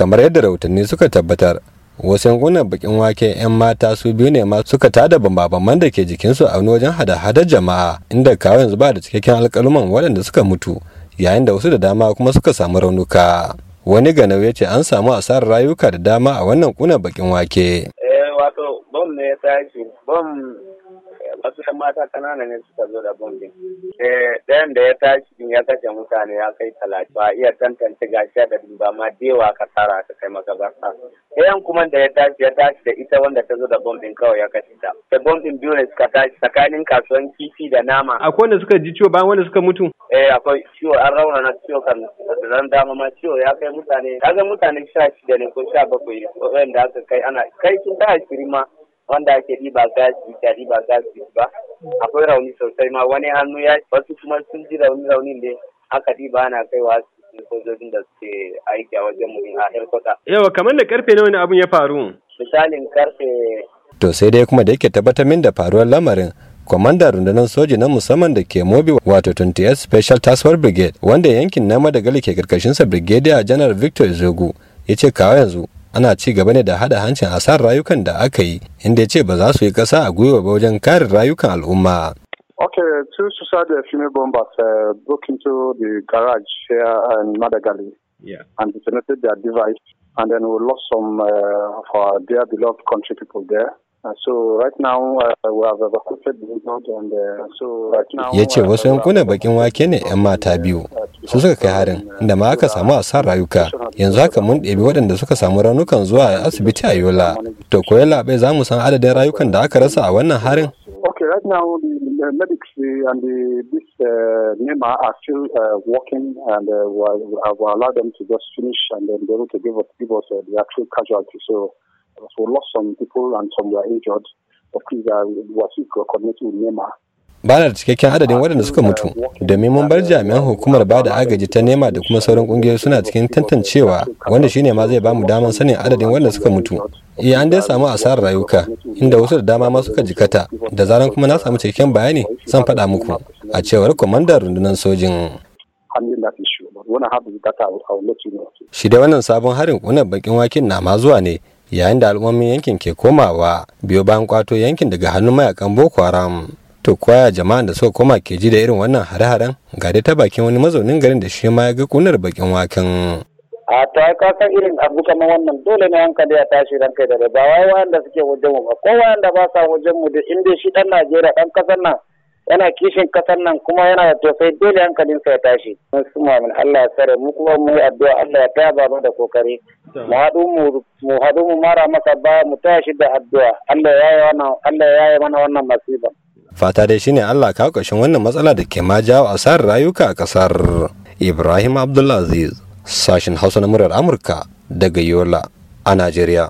kamar yadda rahotanni suka tabbatar wasu yankunan bakin wake 'yan mata su biyu ne ma suka tada bambaman da ke jikinsu a wani wajen hada-hadar jama'a inda kawo yanzu ba da cikakken alkaluman waɗanda suka mutu yayin da wasu da dama kuma suka samu raunuka wani ganau ya ce an samu asarar rayuka da dama a wannan kuna bakin wake. Eh, wato bom mata kanana ne suka zo da bom eh, ɗayan da ya tashi ya kashe mutane ya kai talatin ba iya tantance gashi da ba ma dewa kasara ka kai makabarta ɗayan kuma da ya tashi ya tashi da ita wanda ta zo da bom ɗin kawai ya kashe ta da bom ɗin biyu ne suka tashi tsakanin kasuwan kifi da nama akwai wanda suka ji ciwo bayan wanda suka mutu eh akwai ciwo an rauna na ciwo kan ran dama ma ciwo ya kai mutane kaga mutane sha shida ne ko sha bakwai wanda aka kai ana kai sun ta ma wanda ake ɗiba gasi ta ɗiba gasi ba akwai rauni sosai ma wani hannu ya wasu kuma sun ji rauni raunin ne aka ɗi ba na kaiwa sojojin da suke aiki a wajen mu a herkota. Yawa kamar da karfe nawa ne abin ya faru? Misalin karfe. To sai dai kuma da yake tabbatar min da faruwar lamarin kwamandan rundunar soji na musamman da ke mobi wato 28 special task force brigade wanda yankin na madagali ke karkashinsa brigadier general victor zogu ya ce kawo yanzu ana ci gaba ne da hada hancin asar rayukan da aka yi inda ya ce ba za su yi ƙasa a gwiwa ba wajen kare rayukan al'umma. Okay, two suicidal female bombers uh, broke into the garage here in Madagali yeah. and detonated their device. And then we lost some uh, of our dear beloved country people there. ya uh, ce wasu yankunan bakin wake ne 'yan mata biyu su suka kai harin inda ma aka samu asar rayuka yanzu haka mun ɗebi waɗanda suka samu raunukan zuwa asibiti a yola to ko yola bai za mu san adadin rayukan da aka rasa a wannan harin right now the, the medics and the, this uh, NEMA are still uh, working and uh, uh we will allow them to just finish and then they will to give us, give us uh, the actual casualty. So, so we lost some people and some were injured. Of course, uh, we are still coordinating with NEMA. bana da cikakken adadin waɗanda suka mutu domin mun bar jami'an hukumar ba da agaji ta nema da kuma sauran ƙungiyoyi suna cikin tantancewa wanda shine ma zai ba mu damar sanin adadin waɗanda suka mutu iya eh, an dai samu asarar rayuka inda wasu da dama ma suka jikata da zaran kuma na samu cikakken bayani zan faɗa muku a cewar kwamandan rundunar sojin shi da wannan sabon harin kunan bakin wakin na ma zuwa ne yayin da al'ummomin yankin ke komawa biyo bayan kwato yankin daga hannun mayakan boko haram to kwaya jama'an da suka koma ke ji da irin wannan hare-haren ga dai ta bakin wani mazaunin garin da shi ma ya ga kunar bakin wakan a ta kasa irin abu kamar wannan dole ne hankali ya tashi ran kai da ba wai wanda suke wajen mu ba ko wanda ba sa wajen mu da inda shi dan Najeriya dan kasar nan yana kishin kasar nan kuma yana da tosai dole sa ya tashi suma mamin Allah ya tsare mu kuma mu yi addu'a Allah ya taya mu da kokari mu hadu mu mu hadu mu mara masa ba mu tashi da addu'a Allah ya yi wannan Allah ya yi mana wannan masiban. fata dai shine Allah ka ƙarshen wannan matsala da ke ma jawo asarar rayuka a ƙasar Ibrahim Abdulaziz sashin Hausa na murar Amurka daga Yola a Najeriya